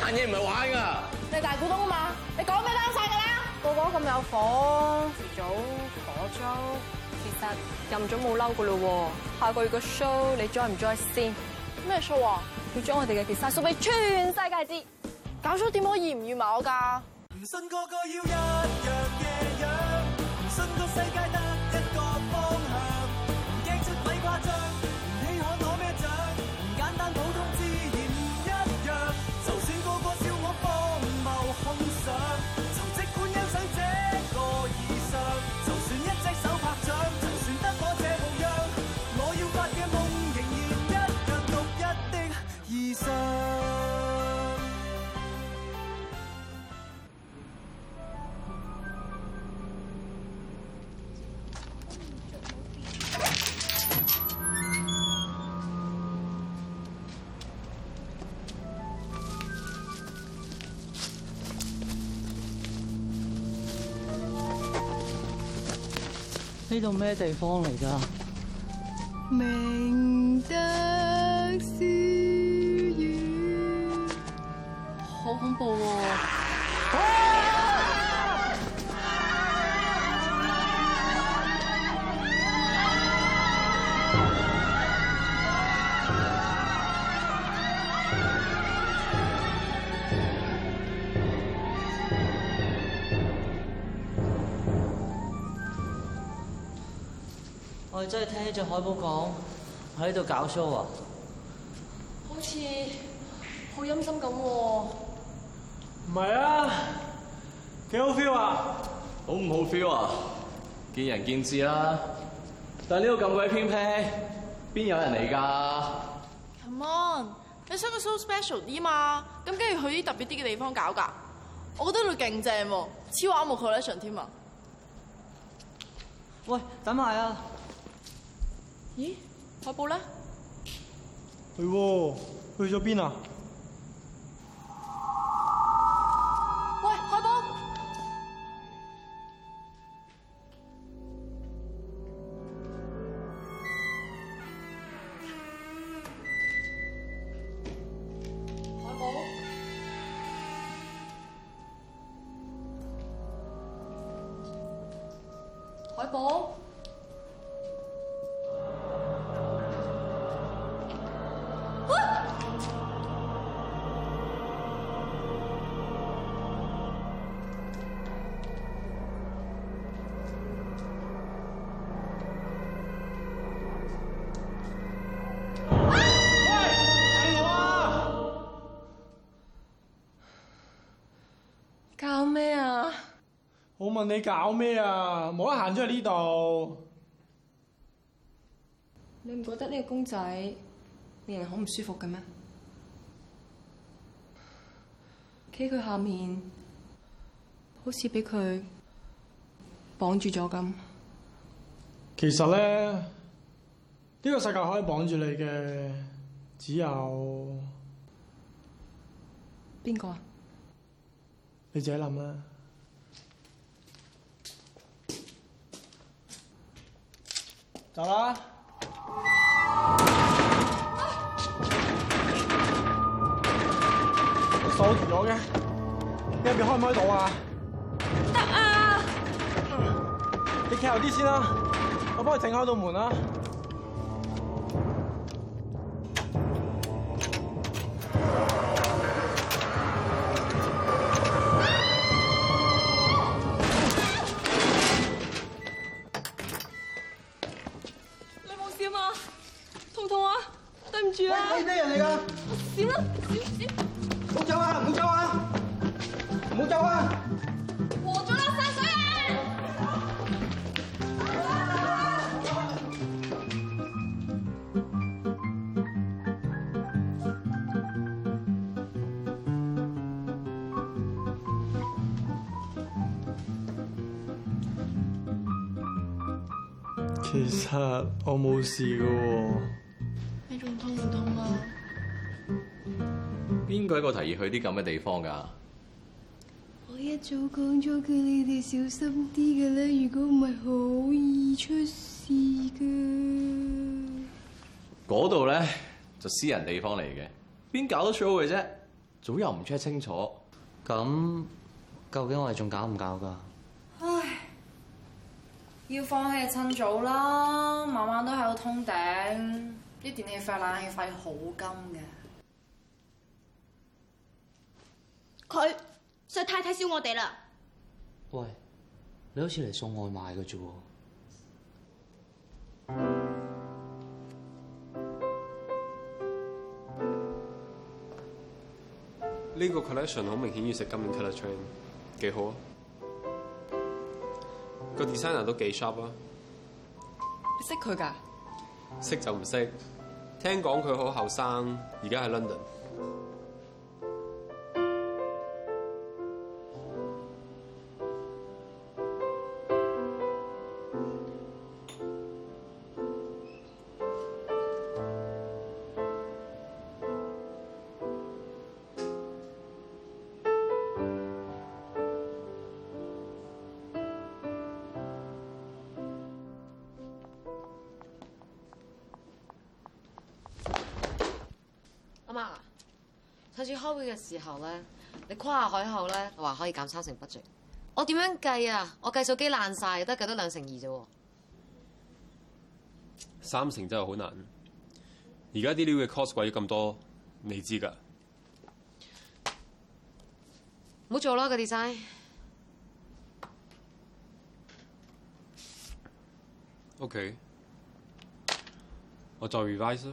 玩嘢唔係玩㗎，你大股東啊嘛，你講咩都得曬㗎啦，個個咁有火，遲早火燭，其實任總冇嬲㗎咯喎，下個月個 show 你 join 唔 join 先？咩 show 啊？要將我哋嘅 design 送俾全世界知，搞 show 點可以唔預埋我㗎？唔信個個要一樣。呢度咩地方嚟㗎？我真係聽隻海寶講，喺度搞 show 啊，啊，啊！好似好陰森咁喎。唔係啊，幾好 feel 啊？好唔好 feel 啊？見仁見智啦，啊。但呢度咁鬼偏僻，邊有人嚟㗎？Come on，你想個 show special 啲嘛？咁梗係要去啲特別啲嘅地方搞㗎。我覺得佢勁正喎，超啱我 collection 添啊！喂，等埋啊！咦，海寶咧？去喎，去咗邊啊？你搞咩啊？冇得行出去呢度。你唔覺得呢個公仔令人好唔舒服嘅咩？企佢下面，好似俾佢綁住咗咁。其實咧，呢個世界可以綁住你嘅，只有邊個啊？你自己諗啦。走啦。鎖住咗嘅，你入面能能開唔開到啊？得啊，你企後啲先啦，我幫你整開道門啦。我冇事噶喎，你仲痛唔痛啊？邊個一個提議去啲咁嘅地方噶？我一早講咗叫你哋小心啲嘅啦，如果唔係好易出事噶。嗰度咧就私人地方嚟嘅，邊搞得 show 嘅啫？早又唔 check 清楚，咁究竟我哋仲搞唔搞噶？要放棄趁早啦，晚晚都喺度通頂，啲電器費冷氣費好金嘅。佢實在太睇小我哋啦！喂，你好似嚟送外賣嘅啫喎。呢個 collection 好明顯要食金銀 colour chain，幾好啊！個 designer 都幾 sharp 啊，你識佢㗎？識就唔識，聽講佢好後生，而家喺 London。媽，上次、啊、開會嘅時候咧，你誇下海口咧，話可以減三成 budget。我點樣計啊？我計數機爛晒，得計到兩成二啫。三成真係好難。而家啲料嘅 cost 貴咗咁多，你知噶？唔好做啦，個 design。OK，我再 revise。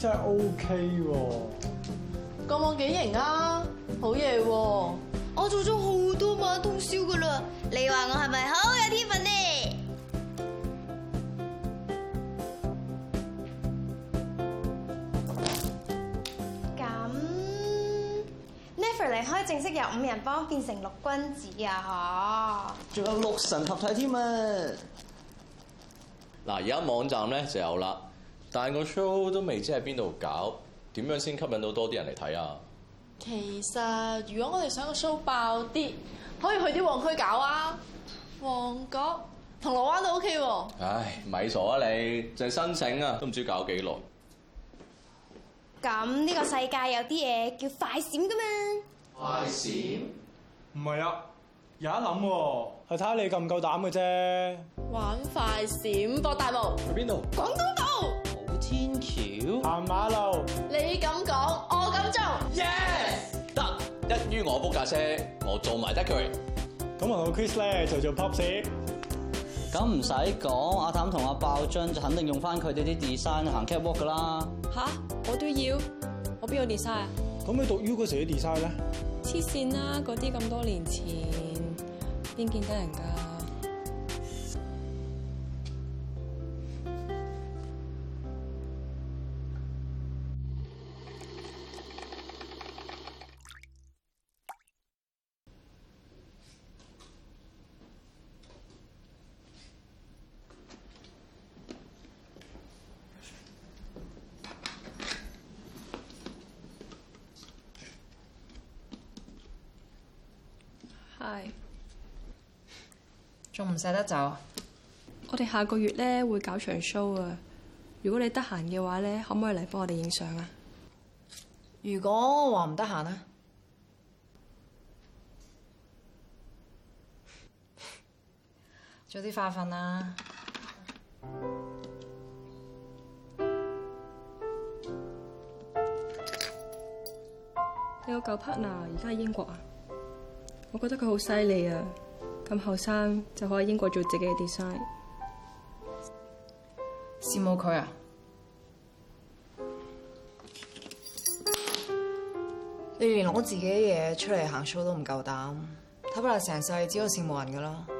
真係 OK 喎，個網幾型啊，好嘢喎！我做咗好多晚通宵噶啦，你話我係咪好有天份呢、啊？咁 Neverland 可以正式由五人幫我變成六君子啊！吓，仲有六神合體添啊！嗱，而家網站咧就有啦。但個 show 都未知喺邊度搞，點樣先吸引到多啲人嚟睇啊？其實，如果我哋想個 show 爆啲，可以去啲旺區搞啊，旺角、銅鑼灣都 OK 喎。唉，咪傻啊你，淨係申請啊，都唔知道搞幾耐。咁呢個世界有啲嘢叫快閃㗎嘛？快閃？唔係啊，有一諗喎、啊，係睇下你夠唔夠膽嘅啫。玩快閃博大霧，去邊度？廣東道。橋行馬路，你咁講，我咁做。Yes，得，一於我 book 架車，我做埋得佢。c 咁我同 Chris 咧就做 pop。咁唔使講，阿坦同阿爆樽就肯定用翻佢哋啲 design 行 cat walk 噶啦。吓？我都要，我邊有 design 啊？咁你讀 U 嗰時啲 design 咧？黐線啦，嗰啲咁多年前，邊見得人㗎？仲唔捨得走？我哋下個月咧會搞場 show 啊！如果你得閒嘅話咧，可唔可以嚟幫我哋影相啊？如果話唔得閒啊， 早啲化訓啊！你個舊 partner 而家喺英國啊？我覺得佢好犀利啊！咁後生就可以喺英國做自己嘅 design，羨慕佢啊！你連攞自己嘅嘢出嚟行 show 都唔夠膽，睇不下成世只有羨慕人㗎啦～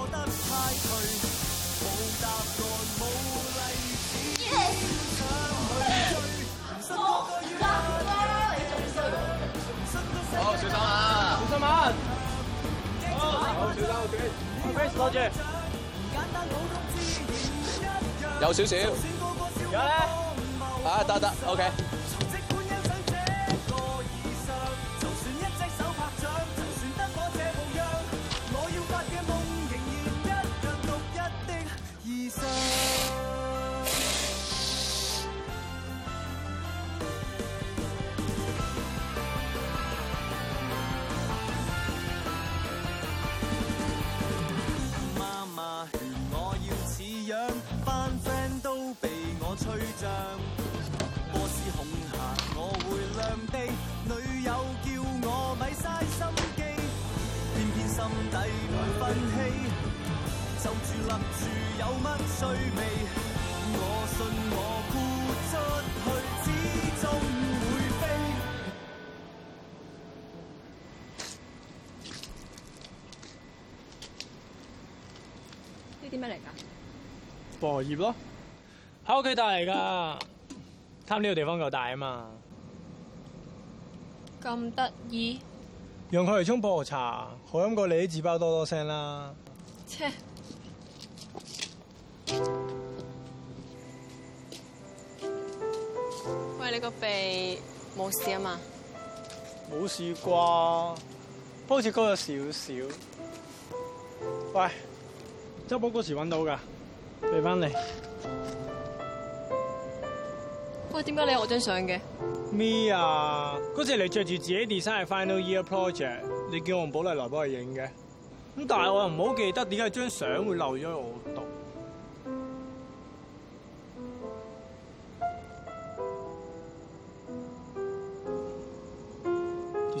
多謝，有少少，有咧，啊得得，OK。有我我呢啲咩嚟噶？薄荷葉咯，喺屋企帶嚟噶。貪呢個地方夠大啊嘛，咁得意，用佢嚟沖薄荷茶，好飲過你啲紙包多多聲啦。切。喂，你個鼻冇事啊嘛？冇事啩，好似高咗少少。喂，周波嗰時揾到噶，俾翻你。喂，點解你有我張相嘅？咩啊，嗰時你着住自己 design final year project，你叫我用寶麗來幫你影嘅。咁但係我又唔好記得點解張相會留咗喺我度。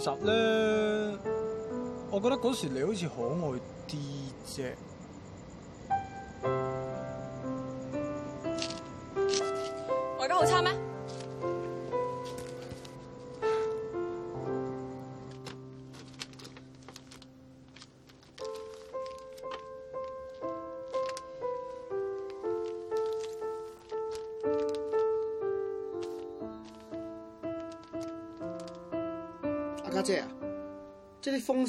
其實呢，我覺得嗰時你好似可愛啲啫。我而家好差咩？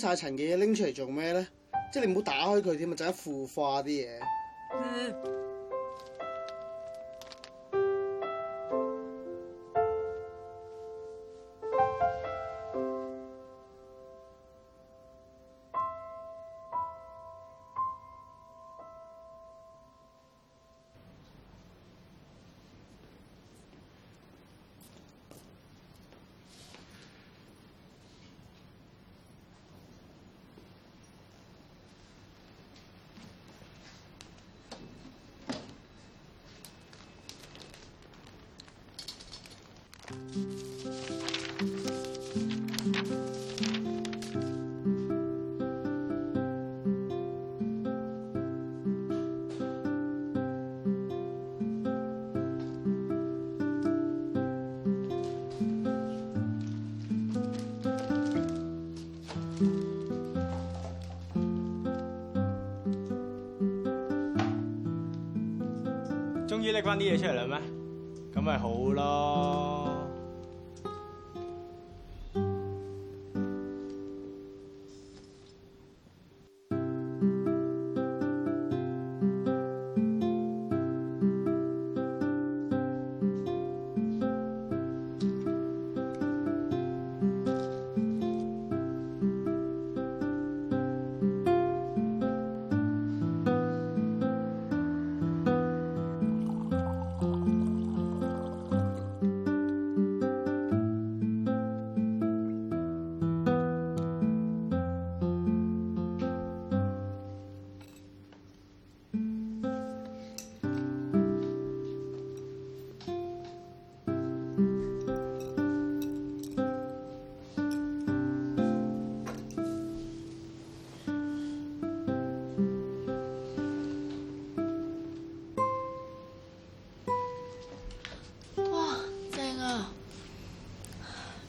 晒層嘅嘢拎出嚟做咩咧？即係你唔好打開佢添嘛，就一腐化啲嘢。嗯終於拎返啲嘢出嚟喇咩？咁咪好囉。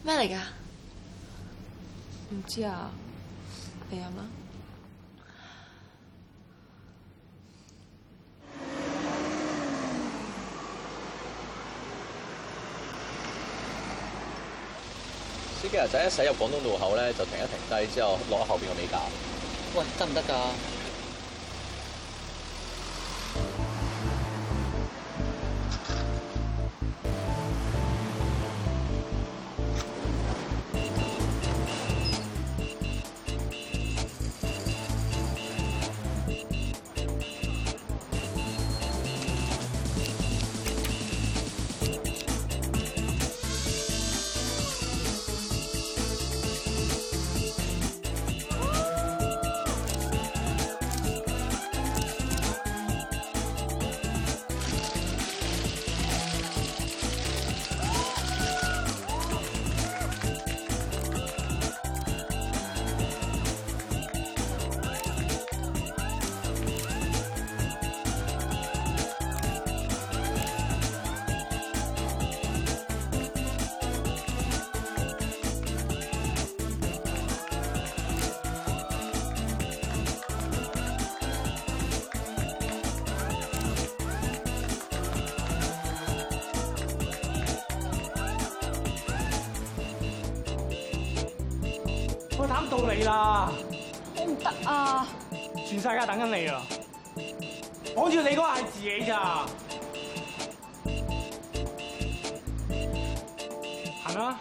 咩嚟㗎？唔知道啊，你有嗎？司機仔啊，一駛入廣東路口咧，就停一停低，之後落後邊個尾架。喂，得唔得㗎？我等到你啦！我唔得啊！全世界等緊你啊！攬住你嗰下係自己咋？係啦。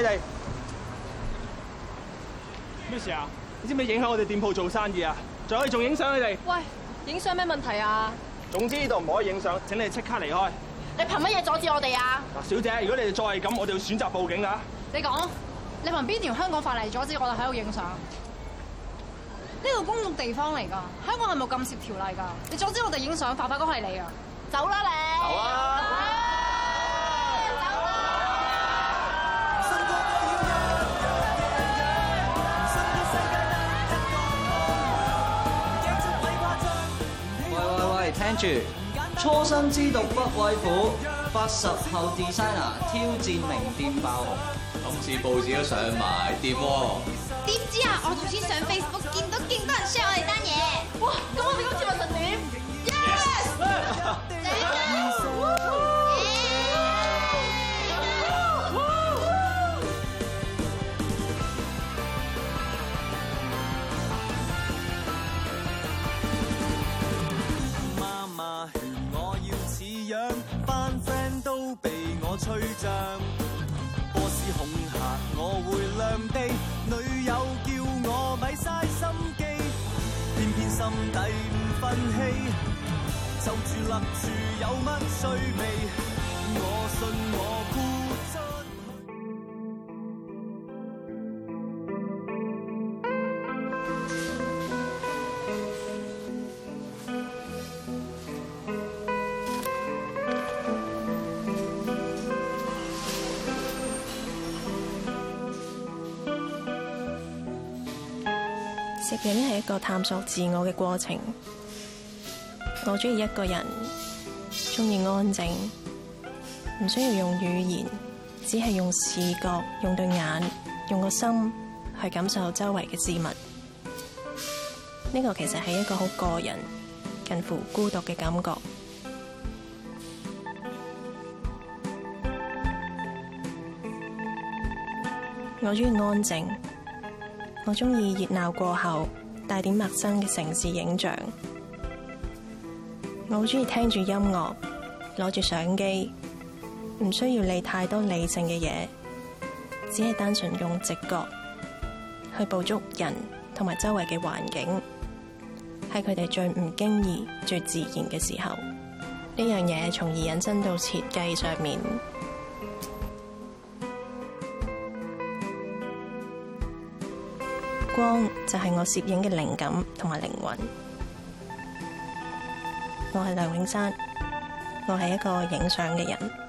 你哋咩事啊？你知唔知影響我哋店鋪做生意啊？仲可以仲影相你哋？喂，影相咩問題啊？總之呢度唔可以影相，請你即刻離開。你憑乜嘢阻止我哋啊？嗱，小姐，如果你哋再係咁，我就要選擇報警啦。你講，你憑邊條香港法例阻止我哋喺度影相？呢個公共地方嚟噶，香港係冇禁攝條例噶。你阻止我哋影相，犯法嗰係你啊！你走啦你。走！啊。初生之犢不畏虎，八十後 designer 挑戰名店爆紅，今次報紙都上埋，點喎？點知啊？知我頭先上 Facebook 見到。誓唔放棄，就住立住，有乜趣味？我信我。人呢係一個探索自我嘅過程，我鍾意一個人，鍾意安靜，唔需要用語言，只係用視覺，用對眼，用個心去感受周圍嘅事物。呢、這個其實係一個好個人、近乎孤獨嘅感覺。我鍾意安靜。我中意熱鬧過後帶點陌生嘅城市影像。我好中意聽住音樂，攞住相機，唔需要理太多理性嘅嘢，只係單純用直覺去捕捉人同埋周圍嘅環境，係佢哋最唔經意、最自然嘅時候。呢樣嘢從而引申到設計上面。光就係我攝影嘅靈感同埋靈魂。我係梁永山，我係一個影相嘅人。